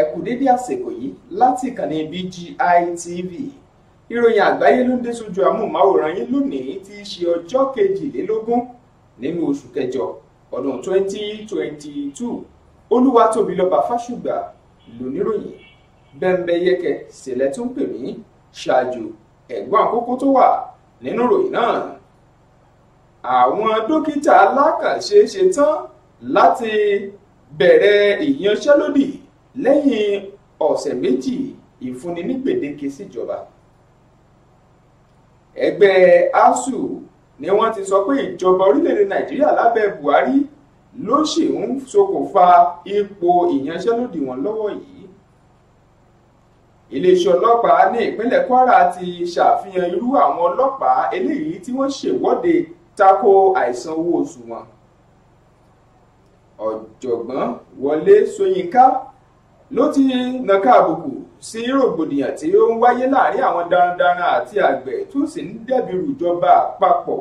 ẹ kú dédé àsìkò yìí láti ìkànnì BGI TV ìròyìn àgbáyé ló ń dé sójú amóhùnmáwòrán yín lónìí tí í ṣe ọjọ́ kejìlélógún nínú oṣù kẹjọ ọdún 2022 olúwatóbilọ́ba fásùgbà lóníròyìn bẹ́ńbẹ́yẹ́kẹ́ sílẹ̀ tó ń pè mí ṣáájú ẹ̀gbọ́n àkókò tó wà nínú ìròyìn náà àwọn dókítà alákànṣe ṣe tán láti bẹ̀rẹ̀ ìyanṣẹ́lódì lẹ́yìn ọ̀sẹ̀ méjì ìfúnni ní gbèdéke síjọba ẹgbẹ́ asuu ni wọ́n ti sọ pé ìjọba orílẹ̀-èdè nàìjíríà lábẹ́ buhari ló sì ń ṣokùnfà ipò ìyanṣẹ́lódì wọn lọ́wọ́ yìí iléeṣẹ́ ọlọ́pàá ní ìpínlẹ̀ kwara ti ṣàfihàn irú àwọn ọlọ́pàá eléyìí tí wọ́n ṣèwọ́de tako àìsan owó oṣù wọn ọ̀jọ̀gbọ́n wọlé ṣóyínká ló ti nàka àbùkù sí rògbòdìyàn tí ó ń wáyé láàrin àwọn darandaran àti àgbẹ̀ tó sì ń dẹ́bìrú ìjọba àpapọ̀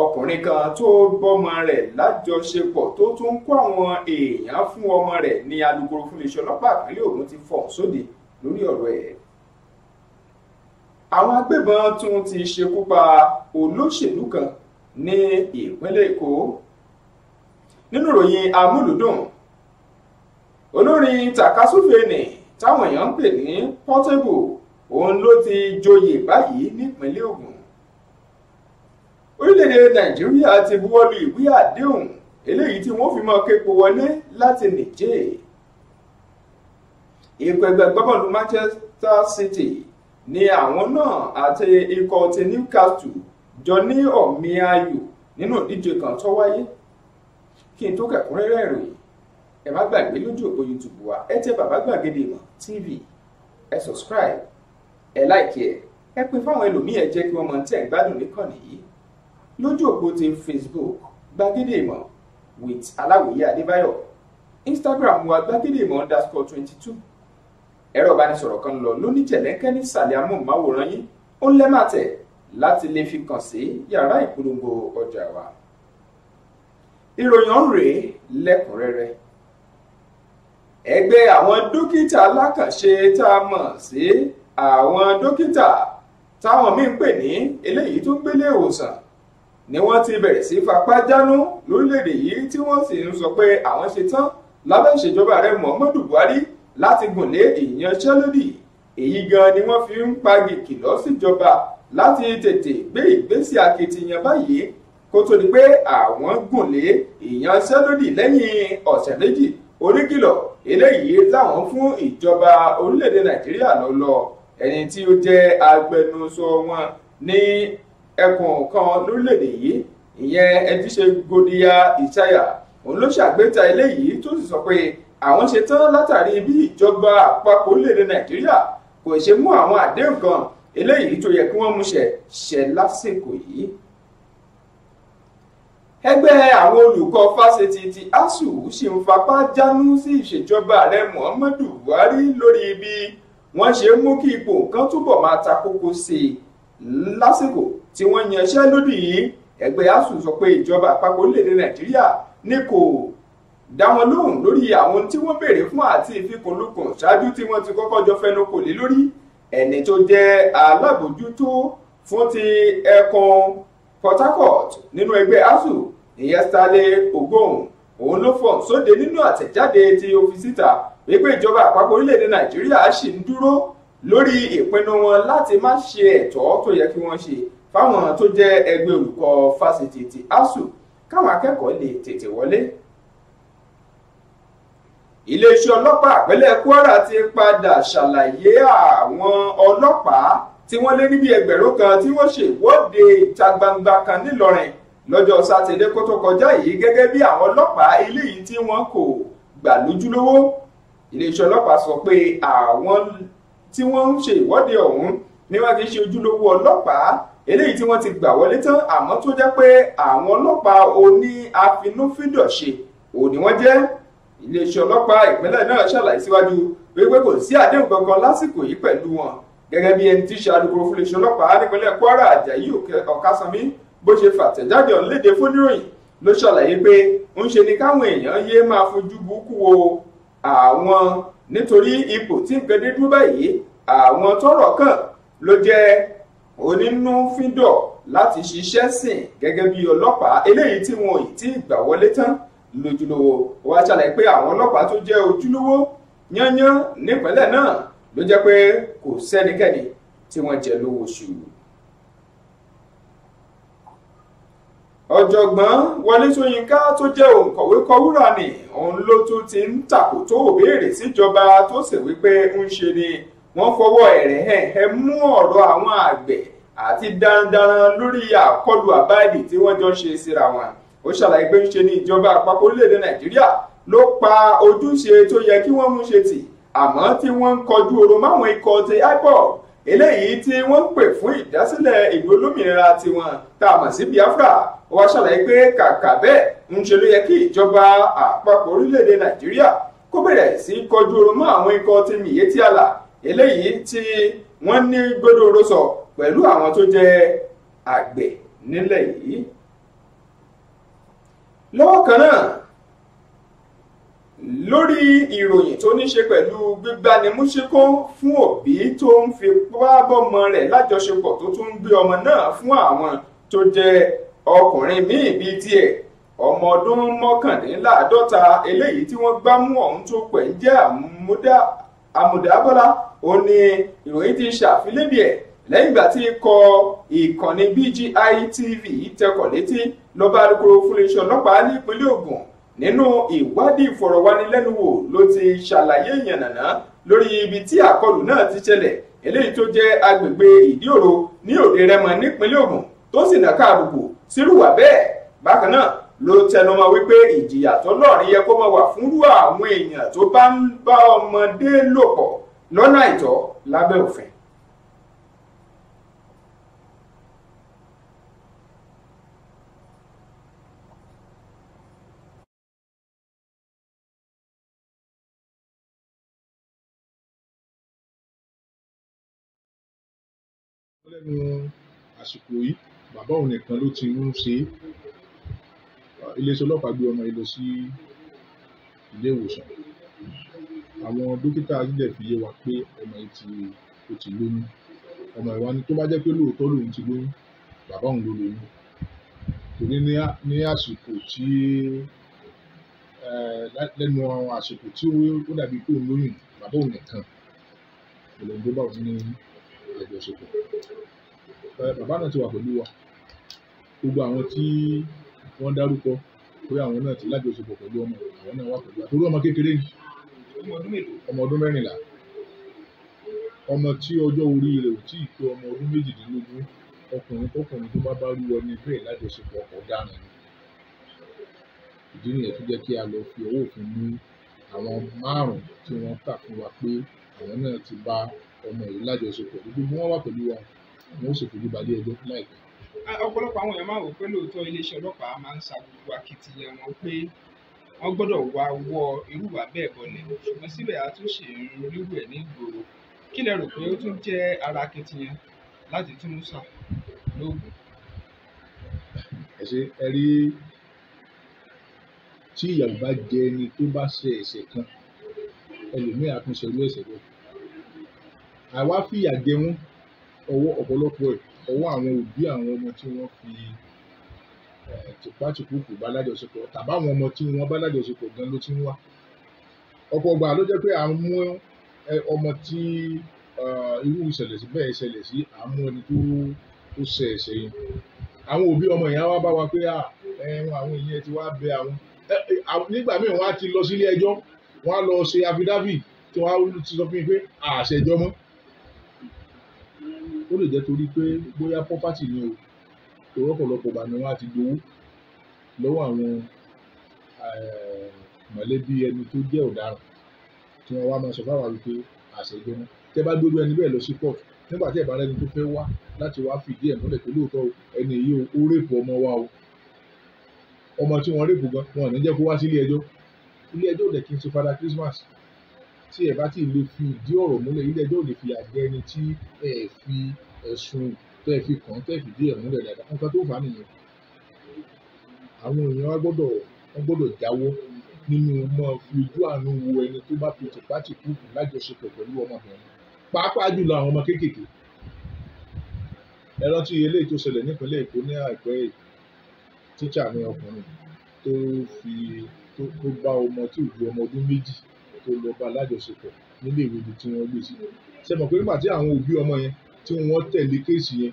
ọkùnrin kan tó bọ́mọ rẹ̀ lájọṣepọ̀ tó tún ń kó àwọn èèyàn fún ọmọ rẹ̀ ní alukoro fún iléeṣẹ́ ọlọ́pàá àpínlẹ̀ Ògùn ti fọ̀ sóde lórí ọ̀rọ̀ ẹ̀ àwọn agbébọn tún ti ṣekú pa olóṣèlú kan ní ìpínlẹ̀ Èkó nínú ìròyìn amúlùdùn olórin takasúfèénì táwọn èèyàn ń pè ní Portable òun ló ti joyè báyìí nípínlẹ̀ Ògùn orílẹ̀-èdè Nàìjíríà ti buwọ́lu ìwé àdéhùn eléyìí tí wọ́n fi mọ́ képo wọlé láti Nìjẹ̀ ikọ̀ ẹgbẹ́ gbọ́bọ̀lù Manchester City ni àwọn náà àti ikọ̀ ti Newcastle jọ ní ọ̀mì ayò nínú ìdíje kan tó wáyé kí n tó kẹ̀kúnrẹ́rẹ́ ìròyìn ẹ má gbàgbé lójú òpó youtube wa ẹ tẹ bàbá gbàgede ìmọ̀ tv ẹ subscribe ẹ like ẹ ẹ pín fáwọn ẹlòmíì ẹ jẹ́ kí wọ́n mọ̀ tẹ́ ń gbádùn níkànnì yìí lójú òpó ti facebook gbàgede ìmọ̀ with aláwòye adébáyọ̀ instagram wa gbàgede ìmọ̀ underscore twenty two ẹ̀rọ ìbánisọ̀rọ̀ kan lọ lóníjẹ̀lẹ́kẹ́ nísàlẹ̀ amóhùnmáwòrán yín ó lẹ́ máa tẹ̀ láti lè fi kàn sí yàrá ìpolongo ọjà wa. ìròyìn ọ̀hún rèé lẹ́kùnrẹ́rẹ́ ẹgbẹ́ àwọn dókítà alákànṣe tá a mọ̀ sí àwọn dókítà táwọn míín pè ní eléyìí tó gbélé ìwòsàn ni wọ́n ti bẹ̀rẹ̀ sí fapá jánú lórílẹ̀‐èdè yìí tí wọ́n sì ń sọ pé àwọn ṣe tán lábẹ́ ìṣèjọba rẹ̀ Muhammadu Buhari láti gùnlé ìyanṣẹ́lódì èyí gan ni wọ́n fi ń pagi kìlọ̀ síjọba láti tètè gbé ìgbésí akitiyan báyìí kó tó di pé àwọn gùnlé ìyanṣẹ́lódì lẹ́yìn ọ̀sẹ̀ méjì oníkìlọ̀ eléyìí táwọn fún ìjọba orílẹ̀-èdè nàìjíríà lọ́lọ́ ẹni tí ó jẹ́ agbẹnusọ wọn ní ẹkùn kan lórílẹ̀-èdè yìí ìyẹn ẹtí ṣe godiya ìṣayà òun ló ṣàgbéta eléyìí tó sì sọ pé àwọn ṣe tán látàrí bí ìjọba àpapọ̀ orílẹ̀-èdè nàìjíríà kò ṣe mú àwọn àdéhùn kan eléyìí tó yẹ kí wọ́n mú ṣẹ ṣẹ lásìkò yìí ẹgbẹ́ àwọn olùkọ́ fásitì ti asuu ṣì ń fapá jánu sí ìṣèjọba ààrẹ muhammadu buhari lórí bí wọ́n ṣe mú kí ipò nǹkan túbọ̀ máa ta kókó sí i lásìkò tí wọ́n yanṣẹ́ lódì yìí ẹgbẹ́ asuu sọ pé ìjọba àpapọ̀ orílẹ̀-èdè nàìjíríà ní kò dá wọn lóhùn lórí àwọn tí wọ́n béèrè fún àti ìfikùnlukùn ṣáájú tí wọ́n ti kọ́kọ́ jọ fẹnu kò lé lórí ẹni tó jẹ́ alábòjútó fún ti ẹkùn port harcourt nínú ẹgbẹ́ asuu ìyẹn Stanley Ogbohun òun ló fọ̀ sóde nínú àtẹ̀jáde tí ó fi síta wípé ìjọba àpapọ̀ orílẹ̀-èdè Nàìjíríà ṣì ń dúró lórí ìpinnu wọn láti má ṣe ẹ̀tọ́ tó yẹ kí wọ́n ṣe fáwọn tó jẹ́ ẹgbẹ́ olùkọ́ fásitì ti ASUU káwọn akẹ́kọ̀ọ́ lè tètè wọlé iléeṣẹ́ ọlọ́pàá àpẹẹlẹ̀ Kwara ti padà ṣàlàyé àwọn ọlọ́pàá tí wọ́n lé níbi ẹgbẹ̀rún kan tí wọ́n ṣèwọ́de ìta gbangba kan nílọrin lọ́jọ́ sátidé kó tó kọjá yìí gẹ́gẹ́ bí àwọn ọlọ́pàá eléyìí tí wọ́n kò gbà lójúlówó iléeṣẹ́ ọlọ́pàá sọ pé àwọn tí wọ́n ń ṣe ìwọ́de ọ̀hún ni wọ́n fi ṣe ojúlówó ọlọ́pàá eléyìí tí wọ́n ti gbà wọlé tán àmọ́ tó jẹ́ pé àwọn ọlọ́pàá oní àfinúfíndọ̀ṣe òní wọ́n jẹ́ iléeṣẹ́ ọlọ́pàá ìpínlẹ̀ náà ṣàlàyé síwájú wípé kò sí àdéhùn kankan lásìkò yìí pẹ̀lú wọn gẹ́gẹ́ bí ẹni tí ṣe alukoro fún iléeṣẹ́ ọlọ́pàá nípínlẹ̀ Kwara Àjàyí Ọ̀kásánmí bó ṣe fàtẹ̀jáde ọ̀hún léde fóníròyìn ló ṣàlàyé pé ń ṣe ni káwọn èèyàn yéé máa fojú burúkú wo àwọn nítorí ipò tí nǹkan dé dúró báyìí àwọn tọ́rọ̀ kàn ló jẹ́ onínúfíndọ̀ láti ṣiṣẹ́ sìn gẹ́gẹ́ bí ọlọ́pàá eléyìí tí wọn ò tí ì gbà wọlé tán lójúlówó wá ṣàlàyé pé àwọn ọlọ́pàá tó jẹ́ ojúlówó yányán nípínlẹ̀ náà ló jẹ́ pé kò sẹ́nikẹ́ni tí wọ́n jẹ lówó oṣù ọ̀jọ̀gbọ́n Wọlé Ṣóyínká tó jẹ́ òǹkọ̀wé Kọwúrà ni òun ló tún ti ń tàkòtò òbéèrè síjọba tó sì wípé ń ṣe ni wọ́n fọwọ́ ẹ̀rẹ̀ hẹ̀hẹ̀ mú ọ̀rọ̀ àwọn àgbẹ̀ àti darandaran lórí àkọlù àbáìdì tí wọ́n jọ ṣe síra wọn ó ṣàlàyé pé ń ṣe ni ìjọba àpapọ̀ orílẹ̀-èdè Nàìjíríà ló pa ojúṣe tó yẹ kí wọ́n mú ṣe tì àmọ́ tí wọ́n ń kọjú oró máwọn ikọ̀ ti ipob eléyìí tí wọ́n ń pè fún ìdásílẹ̀ ìlú olómìnira tiwọn tá a mọ̀ sí Biafra ó wá ṣàlàyé pé kàkà bẹ́ẹ̀ ń ṣe ló yẹ kí ìjọba àpapọ̀ orílẹ̀-èdè Nàìjíríà kó bẹ̀rẹ̀ sí kọjú oorun mọ́ àwọn ikọ̀ ti Miyetti eléyìí tí wọ́n ní gbódòrò sọ pẹ̀lú àwọn tó jẹ́ àgbẹ̀ nílẹ̀ yìí lọ́wọ́ kan náà lórí ìròyìn tó ní ṣe pẹ̀lú gbígbanimúṣíkó fún òbí tó ń fipá bọ́mọ rẹ̀ lájọṣepọ̀ tó tún ń gbé ọmọ náà fún àwọn tó jẹ́ ọkùnrin míì bíi tiẹ̀ ọmọ ọdún mọ́kàndínláàádọ́ta eléyìí tí wọ́n gbá mú ọ̀hún tó pẹ̀ ń jẹ́ àmùdábọ́lá ó ní ìròyìn ti ṣàfilébì ẹ̀ lẹ́yìn ìgbà tí ikọ̀ ìkànnì BGI TV tẹkọ̀ létí lọ́ba alukoro fún iléeṣẹ́ ọlọ́pàá nípínlẹ̀ Ògùn nínú ìwádìí ìfọ̀rọ̀wánilẹ́nuwò ló ti ṣàlàyé ìyànnàná lórí ibi tí àkọlù náà ti ṣẹlẹ̀ eléyìí tó jẹ́ agbègbè ìdíòrò ní òde rẹmọ nípínlẹ̀ Ògùn tó sì nàka àbùkù sírùwà bẹ́ẹ̀ bákan náà ló tẹnumọ́ wípé ìjìyà tó lọ́ọ̀rí yẹ kó máa wà fúnrú àwọn èèyàn tó bá ń bá ọmọdé lò pọ̀ lọ́nà àìtọ́ lábẹ́ òfin lẹ́nu àsìkò yìí bàbá òun nìkan ló ti ń ṣe é iléeṣẹ́ ọlọ́pàá gbé ọmọ yìí lọ sí ilé ìwòsàn àwọn dókítà sílẹ̀ fi yé wa pé ọmọ yìí ti ó ti lóyún ọmọ ìwà ni tó bá jẹ́ pé lóòótọ́ lòun ti lóyún bàbá òun ló lóyún torí ní àsìkò tí lẹ́nu àsìkò tí ó dàbí pé òun lóyún bàbá òun nìkan òun ló bá òun ní àjọṣepọ̀. Eh, bàbá náà ti wà pẹ̀lú wa gbogbo àwọn tí wọ́n dárúkọ pé àwọn náà ti lájọṣepọ̀ pẹ̀lú ọmọ àwọn náà wà pẹ̀lú wa torí ọmọ kékeré ni ọmọ ọdún mẹ́rìnlá ọmọ tí ọjọ́ orí rẹ̀ ò tí ì tó ọmọ ọdún méjìdínlógún ọkùnrin kọkùnrin tó bá bá rú ọ ní bẹ́ẹ̀ lájọṣepọ̀ ọ̀daràn ni ìdí nìyẹn tó jẹ́ kí a lọ fi ọwọ́ òfin mú àwọn márùn tí wọ́n kà fún wa pé àwọn náà ti bá ọmọ yìí lájọṣepọ̀ gbogbo wọn wà pẹ̀lú wa wọn ó sì fojú balẹ̀ ẹjọ́ láìpẹ́. ọ̀pọ̀lọpọ̀ àwọn èèyàn máa wò pé lóòótọ́ iléeṣẹ́ ọlọ́pàá máa ń sa gbogbo akitiyan wọn pé wọ́n gbọ́dọ̀ wá wọ irúwà bẹ́ẹ̀ bọ̀lẹ̀ ṣùgbọ́n síbẹ̀ a tún ṣe irú ẹ̀ ní ìgboro kí lẹ rò pé ó tún jẹ́ ara akitiyan láti tún sà lóògùn. ẹ ṣe ẹ rí tí ìyà bá jẹ ẹni tó bá ṣe ẹ̀ṣẹ̀ kan ẹlòmíràn àtúnṣe ló ẹ̀ṣẹ̀ bọ àwa fìyà jẹ ọwọ́ ọ̀pọ̀lọpọ̀ ẹ̀ ọwọ́ àwọn òbí àwọn ọmọ tí wọ́n fi tìpátìkúùkù bá lájọṣepọ̀ tàbáwọn ọmọ tí wọ́n bá lájọṣepọ̀ gan ló ti ń wá. ọ̀pọ̀ ọgbà ló jẹ́ pé à ń mú ọmọ tí irú ìṣẹ̀lẹ̀ sí bẹ́ẹ̀ ṣẹlẹ̀ sí à ń mú ẹni tó tó ṣe ẹ̀ṣẹ̀ yẹn. àwọn òbí ọmọ yẹn á wá bá wa pé àwọn èèyàn ti wá bẹ àwọn nígbà míì wọ́n á ti lọ sílé ẹjọ́ wọ́n á lọ ṣe àfidáfì tí wọ́n á sọ fún mi pé àṣẹjọ́ mọ́ ó lè jẹ́ torí pé bóyá property ni o torí ọ̀pọ̀lọpọ̀ ìgbà ni wọ́n á ti gbowó lọ́wọ́ àwọn eh, mọ̀lẹ́bí ẹni tó jẹ́ ọ̀daràn tí wọ́n wá máa sọ fáwọn wípé àṣẹ ìgbóná tẹ́ bá gbé ẹni bẹ́ẹ̀ lọ sí court nígbà tí ẹ̀bá rẹ́ni tó fẹ́ wá láti wá fìdí ẹ̀ múlẹ̀ pé lóòótọ́ ẹni yìí ó rèpù ọmọ wa o ọmọ tí wọ́n rèpù gan wọn ò ní jẹ́ kó wá sí ilé ẹjọ́ ilé ẹjọ́ ò dẹ̀ kí n Christmas tí ẹ bá ti lè fi ìdí ọ̀rọ̀ múlẹ̀ ilé ẹjọ́ ò lè fi àjẹ ẹni tí ẹ fi ẹ̀sùn tẹ́ ẹ fi kàn tẹ́ ẹ fi dí ẹ̀ múlẹ̀ dáadáa nǹkan tó fà á nìyẹn àwọn èèyàn wa gbọ́dọ̀ wọ́n gbọ́dọ̀ jáwọ́ nínú mọ́ fi ojú àánú wo ẹni tó bá fi tìpátìkù lájọṣepọ̀ pẹ̀lú ọmọbìnrin pàápàá jùlọ àwọn ọmọ kéékèèké ẹ rántí eléyìí tó ṣẹlẹ̀ nípínlẹ̀ Èkó ní àìpẹ́ yìí tíṣà mi ọkùnrin tó fi tó bá ọmọ tí ò ju ọmọ ọdún méjì tó lọ bá alájọṣepọ̀ nílé ìwé ibi tí wọ́n gbé sí ṣe mọ̀ pé nígbà tí àwọn òbí ọmọ yẹn tí wọ́n tẹ̀lé kéèsì yẹn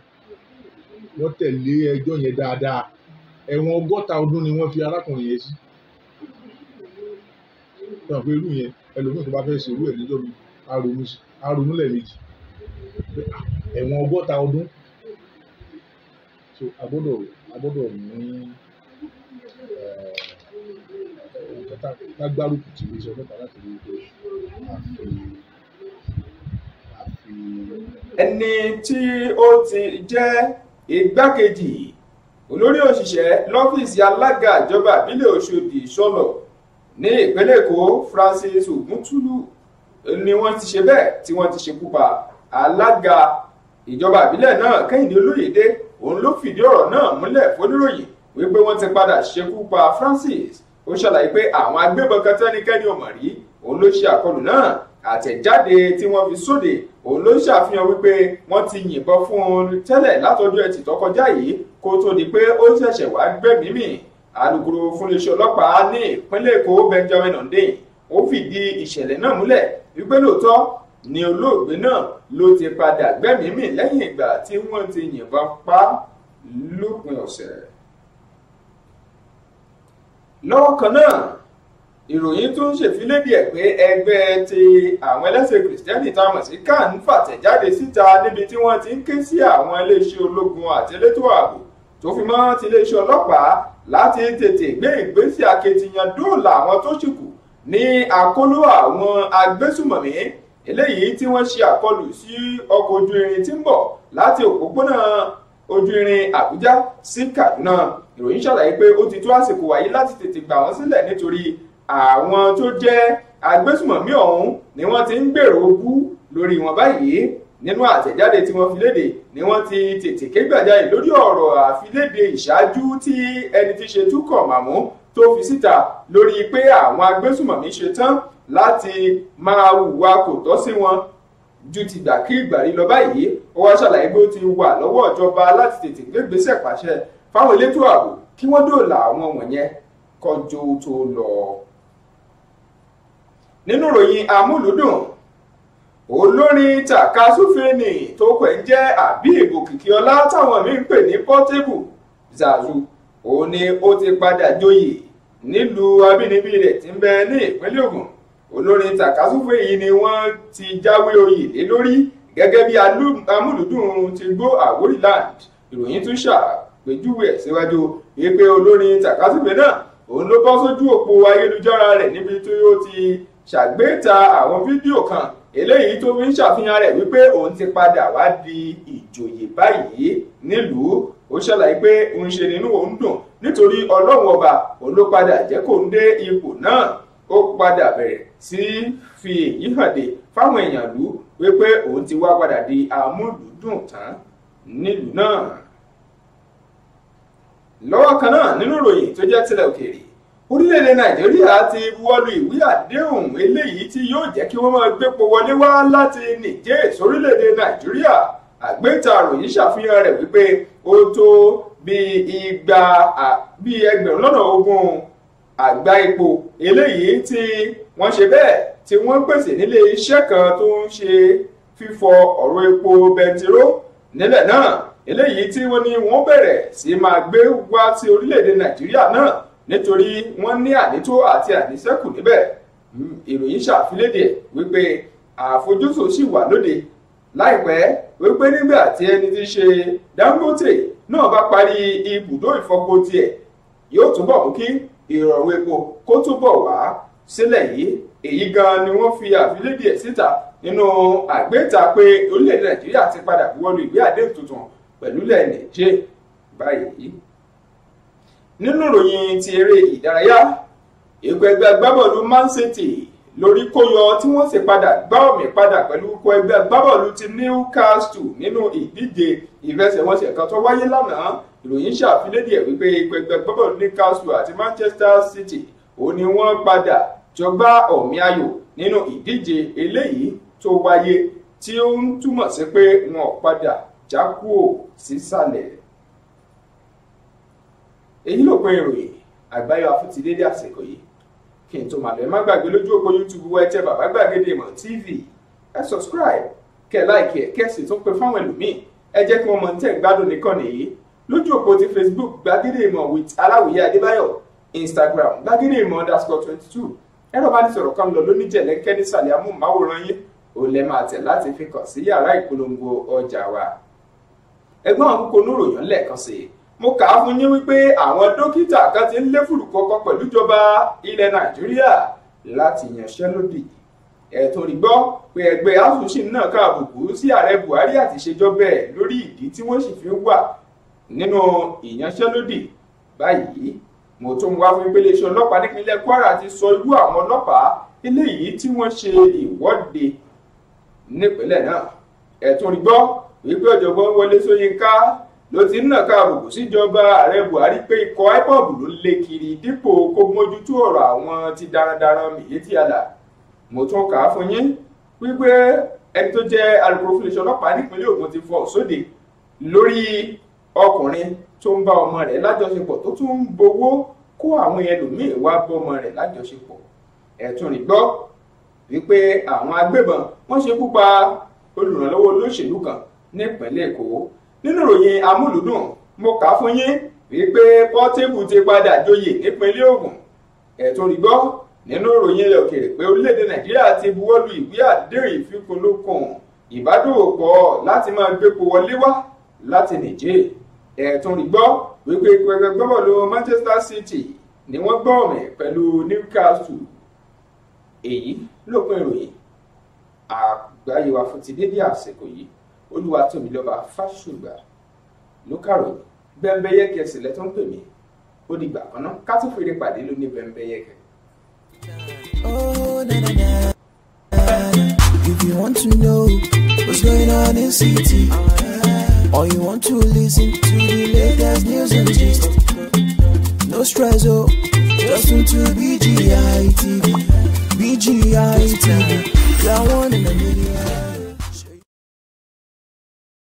wọ́n tẹ̀lé ẹjọ́ yẹn dáadáa ẹ̀wọ̀n ọgọ́ta ọdún ni wọ́n fi arákùnrin yẹn sí ṣe mọ̀ pé irú yẹn ẹlòmíì tó bá fẹ́ ṣe irú ẹ̀ níjọ́ bíi aronú lẹ́ẹ̀mejì ẹ̀wọ̀n ọgọ́ta ọdún so agbọ́dọ̀ agbọ́dọ̀ ní. ká gbárùkù tí ilé iṣẹ́ ọlọ́pàá láti rí i pé àfi. ẹni tí ó ti jẹ́ igbákejì olórí òṣìṣẹ́ lọ́fíìsì alága ìjọba ìbílẹ̀ Ọ̀ṣọ́dì sọ̀nà ní ìpínlẹ̀ Èkó Francis Ògúntúlù ni wọ́n ti ṣe bẹ́ẹ̀ tí wọ́n ti ṣekú pa alága ìjọba ìbílẹ̀ náà Kẹ́hìndé Olóyèdé òun ló fìdí ọ̀rọ̀ náà múlẹ̀ fóníròyìn wípé wọ́n ti padà ṣekú pa Francis ó ṣàlàyé pé àwọn agbébọn kan tẹ́nikẹ́ni ò mọ̀ rí òun ló ṣe àkọlù náà àtẹ̀jáde tí wọ́n fi sóde òun ló ṣàfihàn wípé wọ́n ti yìnbọn fún un tẹ́lẹ̀ látọjọ́ ẹtì tó kọjá yìí kó tó di pé ó ṣẹ̀ṣẹ̀ wá gbẹ̀mí mì alukoro fúnléṣẹ́ ọlọ́pàá ní ìpínlẹ̀ èkó benjamin hundeyin ó fìdí ìṣẹ̀lẹ̀ náà múlẹ̀ wípé lóòótọ́ ni olóògbé náà ló ti padà gbẹ́mìí mì lẹ́yìn ìgbà tí wọ́n ti yìnbọn pa lópin ọ̀sẹ̀ lọ́wọ́ kan náà ìròyìn tún ṣèfìlédìí ẹ̀ pé ẹgbẹ́ ti àwọn ẹlẹ́sìn kìrìsìtẹ́nì tá a mọ̀ sí kan fàtẹ̀jáde síta níbi tí wọ́n ti ń ké sí àwọn iléeṣẹ́ ológun àti elétò ààbò tó fi mọ́ tiléeṣẹ́ ọlọ́pàá láti tètè gbé ìgbésẹ̀ akitiyan dóòlà àwọn tó ṣìkù ní àkóló àwọn agbésùmọ̀mí eléyìí tí wọ́n ṣe àkọlù sí ọkọ̀ ojú irin tí ń bọ̀ láti òpópónà ojú irin àbújá sí kaduna ìròyìn ṣàlàyé pé ó ti tó àsìkò wáyé láti tètè gbà wọ́n sílẹ̀ nítorí àwọn tó jẹ́ agbésùmọ̀mí ọ̀hún ni wọ́n ti ń gbèrò ogú lórí wọn báyìí nínú àtẹ̀jáde tí wọ́n fi léde ni wọ́n ti tètè ké gbàjáyè lórí ọ̀rọ̀ àfiléde ìṣáájú tí ẹni tí ṣe túkọ̀ màmú tó fi síta lórí pé àwọn agbésùmọ̀mí ṣe tán láti máa hùwà kò tọ́ sí wọn ju ti gbà kí ìgbà rí lọ báyìí ó wá ṣàlàyé pé ó ti wà lọ́wọ́ ìjọba láti tètè gbé ìgbésẹ̀ pàṣẹ fáwọn elétò ààbò kí wọ́n dòòlà àwọn wọ̀nyẹn kọjọ́ tó lọ. nínú ìròyìn amúlùdùn olórin takasúfèénì tó pẹ̀ ń jẹ́ àbíìbò kìkìọ́lá táwọn míì ń pè ní Portable Zazu òun ni ó ti padà joyè nílùú abínibí rẹ̀ tí ń bẹ ní ìpínlẹ̀ Ògùn olórin tàkásùfé yìí ni wọ́n ti jáwé oyè lé lórí gẹ́gẹ́ bí amúlùdùn ti gbó àwórìland ìròyìn tún ṣàpèjúwe ẹ̀ síwájú wípé olórin tàkásùfé náà òun ló bọ́ sójú òpó ayélujára rẹ̀ níbi tí ó ti ṣàgbéta àwọn fídíò kan eléyìí tó fi ń ṣàfihàn rẹ̀ wípé òun ti padà wá di ìjòyè báyìí nílùú ó ṣàlàyé pé òun ṣe nínú òun dùn nítorí ọlọ́run ọba òun ló padà jẹ́ kó ń dé ipò náà ó padà bẹ̀rẹ̀ sí fi èyí hànde fáwọn èèyàn lù wípé òun ti wá padà di amúlùúdùn tán nílùú náà lọ́wọ́ kan náà nínú ìròyìn tó jẹ́ tilẹ̀ òkèèrè orílẹ̀-èdè nàìjíríà ti buwọ́lu ìwé àdéhùn eléyìí tí yóò jẹ́ kí wọ́n máa gbépo wọlé wá láti nìjẹ́ sórílẹ̀-èdè nàìjíríà àgbéta ròyìn ṣàfihàn rẹ̀ wípé ó tó bíi igba bíi ẹgbẹ̀rún lọ́nà ogún àgbá epo eléyìí tí wọ́n ṣe bẹ́ẹ̀ tí wọ́n pèsè nílé iṣẹ́ kan tó ń ṣe fífọ ọ̀rọ̀ epo bẹntiró nílẹ̀ náà eléyìí tí wọ́n ní wọ́n bẹ̀rẹ̀ sí máa gbé wá sí orílẹ̀-èdè nàìjíríà náà nítorí wọ́n ní ànító àti àníṣẹ́kù níbẹ̀ hmm, ìròyìn ṣàfilédè wípé àfojúsùn sì wà lóde láìpẹ́ wípé nígbà tí ẹni tí ṣe Dangote náà bá parí ibùdó ìfọpo tiẹ̀ yóò túbọ̀ mú kí ìrọ̀rùn epo kó túbọ̀ wá sílẹ̀ yìí èyí gan ni wọ́n fi àfilédè ẹ̀ síta nínú àgbéta pé orílẹ̀-èdè nàìjíríà ti padà wọnú ìwé àdéhùn tuntun pẹ̀lú ilẹ̀ nàìjíríà báyìí nínú ìròyìn ti eré ìdárayá èkó ẹgbẹ́ agbábọ́ọ̀lù Man City lórí kó yọ tí wọ́n sì padà gbá ọ̀mì padà pẹ̀lú ikọ̀ ẹgbẹ́ agbábọ́ọ̀lù ti Newcastle nínú ìdíje ìfẹsẹ̀wọnsẹ̀ kan tó wáyé lánàá ìròyìn ṣàfilédìí ẹ̀ wípé ikọ̀ ẹgbẹ́ agbábọ́ọ̀lù Newcastle àti Manchester City ò ní wọ́n padà jọgbá ọ̀mì ayò nínú ìdíje eléyìí tó wáyé tí ó ń túmọ̀ sí pé wọn ò padà jákúò sísàlẹ̀ èyí ló pé ìròyìn àgbáyọ afúntidédé àsìkò yìí kí n tó máa lọ ẹ má gbàgbé lójú òpó youtube wa ẹ bàbá gbàgede ìmọ̀ tv ẹ subscribe kẹ́ láìkí ẹ kẹ́ sì tún pè fáwọn ẹlòmíì ẹ jẹ́ kí wọ́n mọ̀ tẹ́ gbádùn nìkan nìyí lójú òpó ti facebook gbàgede ìmọ̀ with aláwìyé adébáyọ̀ instagram gbàgede ìmọ̀ underscore twenty two ẹ̀rọ bá ní sọ̀rọ̀ kan lọ lóníjẹ̀lẹ́kẹ́ nísàlẹ̀ amóhùnmáwòrán yín ò lẹ́ máa tẹ̀ láti fi kàn sí yàrá ìpolongo ọjà wa ẹgbọ́n àwọn oníròyìn lẹ́ẹ̀kan sí i mo kà á fún yín wípé àwọn dókítà kan ti ń léfùrù kọkọ pẹ̀lú ìjọba ilẹ̀ nàìjíríà láti yanṣẹ́lódì ẹ̀tún rí gbọ́ pé ẹgbẹ́ asòsìn náà ká àbùkù sí ààrẹ buhari àti ìṣèjọba ẹ̀ lórí ìdí tí wọ́n sì fi wà nínú ìyanṣẹ́lódì báyìí mo tún wá fún ìpele iṣẹ́ ọlọ́pàá nípínlẹ̀ kwara ti sọ irú àwọn ọlọ́pàá eléyìí tí wọ́n ṣe ìwọ́de nípínlẹ̀ náà ẹ̀tún rí gbọ́ wípé ọ̀jọ̀gbọ́n wọlé ṣóyínká ló ti ń nàka àbùkù síjọba ààrẹ buhari pé ikọ̀ ipob ló ń lé kiri dípò kó mójútó ọ̀rọ̀ àwọn ti darandaran mìíràn àlà mo tún kà á fún yín wípé ẹni tó jẹ́ alukoro fún iléeṣẹ́ ọlọ́pàá nípínlẹ̀ ògùn ti fọ òsóde lórí ọkùnrin tó ń bá ọmọ rẹ̀ lájọṣepọ̀ tó tún ń bowó kó àwọn ẹlòmíín wá bọ́mọ rẹ̀ lájọṣepọ̀ ẹ̀tún rí gbọ́ wípé àwọn agbébọn wọ́n ṣekú pa olùrànlọ́wọ́ olóṣèlú kan nípínlẹ̀ èkó nínú ìròyìn amúlùdùn mo kà á fún yín wípé Portable ti padà joyè nípínlẹ̀ Ògùn ẹ̀tún rí gbọ́ nínú ìròyìn ilẹ̀ òkèèrè pé orílẹ̀-èdè Nàìjíríà ti buwọ́lu ìwé àdéhùn ìfikùnlukùn ìbádòpọ̀ láti máa gbépo wọlé wá láti Nìjẹ̀ ẹ̀tún rí gbọ́ wípé pẹ̀pẹ̀ gbọ́bọ̀lù Manchester City ni wọ́n gbọ́ọ̀mì pẹ̀lú Newcastle èyí lópin ìròyìn àgbáyé wa fún ti dédé àsìkò yìí olúwatómilọ́ba fásùgbà ló kàròyìn bẹ́ńbẹ́yẹ́kẹ ẹ̀sìn lẹ́tọ́ ń pè mí ó dìgbà kan náà ká tún fèrè pàdé lóní bẹ́ńbẹ́yẹ́kẹ. If you want to know what's going on in city, or you want to listen to the latest news and gist, no stress, oh, just tune to BGI TV, BGI TV, you're one in a million.